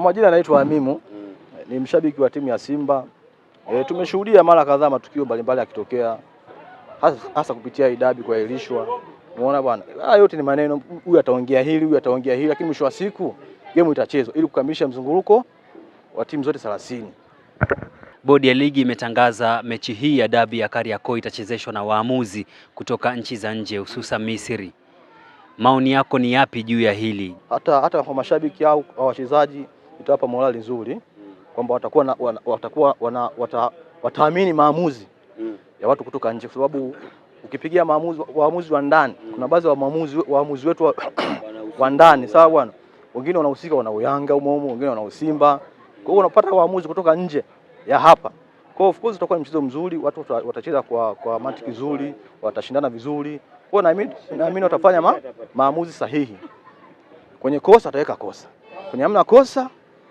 majina anaitwa Amimu, mm. ni mshabiki wa timu ya Simba. E, tumeshuhudia mara kadhaa matukio mbalimbali yakitokea hasa kupitia idabi kuahirishwa. Umeona bwana, ah, yote ni maneno, huyu ataongea hili, huyu ataongea hili, lakini mwisho wa siku game itachezwa ili kukamilisha mzunguruko wa timu zote 30. Bodi ya ligi imetangaza mechi hii ya dabi ya Kariakoo itachezeshwa na waamuzi kutoka nchi za nje hususan Misri. Maoni yako ni yapi juu ya hili? Hata hata kwa mashabiki au wachezaji itawapa morali nzuri kwamba watakuwa na, watakuwa wana, wata, wataamini maamuzi ya watu kutoka nje, kwa sababu ukipigia maamuzi waamuzi wa ndani mm. kuna baadhi ya waamuzi wetu wa, ndani sawa bwana, wengine wanahusika wana Uyanga umo umo, wengine wana Usimba, kwa hiyo unapata waamuzi kutoka nje ya hapa. Kwa hiyo of course utakuwa ni mchezo mzuri, watu watacheza kwa, kwa mantiki nzuri, watashindana vizuri. Kwa hiyo naamini watafanya ma, maamuzi sahihi. Kwenye kosa ataweka kosa, kwenye amna kosa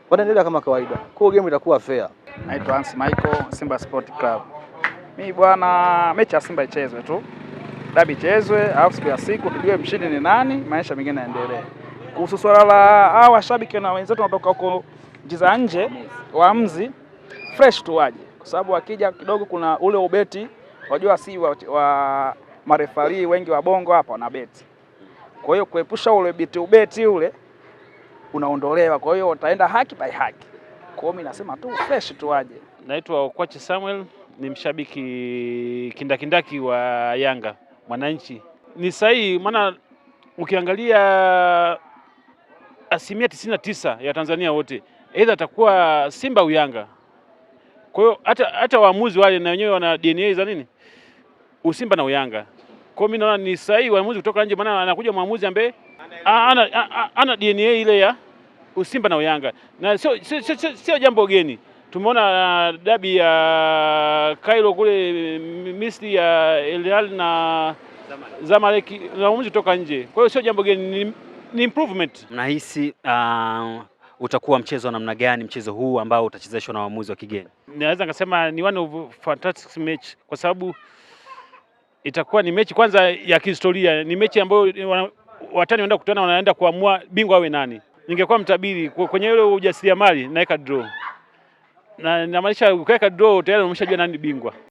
wataendelea kama kawaida. Kwa hiyo game itakuwa fair. Naitwa Hans Michael, Simba Sport Club. Mi bwana, mechi ya Simba ichezwe tu, dabi ichezwe, alafu siku ya siku tujue mshindi ni nani, maisha mengine yaendelee. Kuhusu swala la hao washabiki na wenzetu wanatoka huko nchi za nje, mzi fresh tu waje, kwa sababu wakija kidogo kuna ule ubeti, wajua si wa, wa marefari wengi wa bongo hapa wanabeti, kwa hiyo kuepusha ule ule, ubeti ule unaondolewa. Kwa hiyo wataenda haki by haki. Kwa hiyo mimi nasema tu fresh aje. Naitwa Okwache Samuel, ni mshabiki kindakindaki wa Yanga mwananchi. Ni sahihi maana ukiangalia asilimia tisini na tisa ya Tanzania wote aidha atakuwa Simba au Yanga. Kwa hiyo hata hata waamuzi wale na wenyewe wana DNA za nini, usimba na uyanga. Kwa hiyo mimi naona ni sahihi waamuzi kutoka nje, maana anakuja mwamuzi ambaye Ah, ana, ana, ah, ah, DNA ile ya Usimba na Uyanga na sio sio, sio, sio, sio jambo geni. Tumeona uh, dabi ya uh, Cairo kule Misri ya uh, El Hilal na Zamalek na umzi kutoka nje, kwa hiyo sio jambo geni, ni, ni improvement. Mnahisi uh, utakuwa mchezo wa namna gani mchezo huu ambao utachezeshwa na waamuzi wa kigeni? Naweza nikasema ni one of fantastic match kwa sababu itakuwa ni mechi kwanza ya kihistoria, ni mechi ambayo watani wanaenda kutana, wanaenda kuamua bingwa awe nani. Ningekuwa mtabiri kwenye ile ujasiriamali, naweka draw na namaanisha ukiweka draw tayari umeshajua nani bingwa.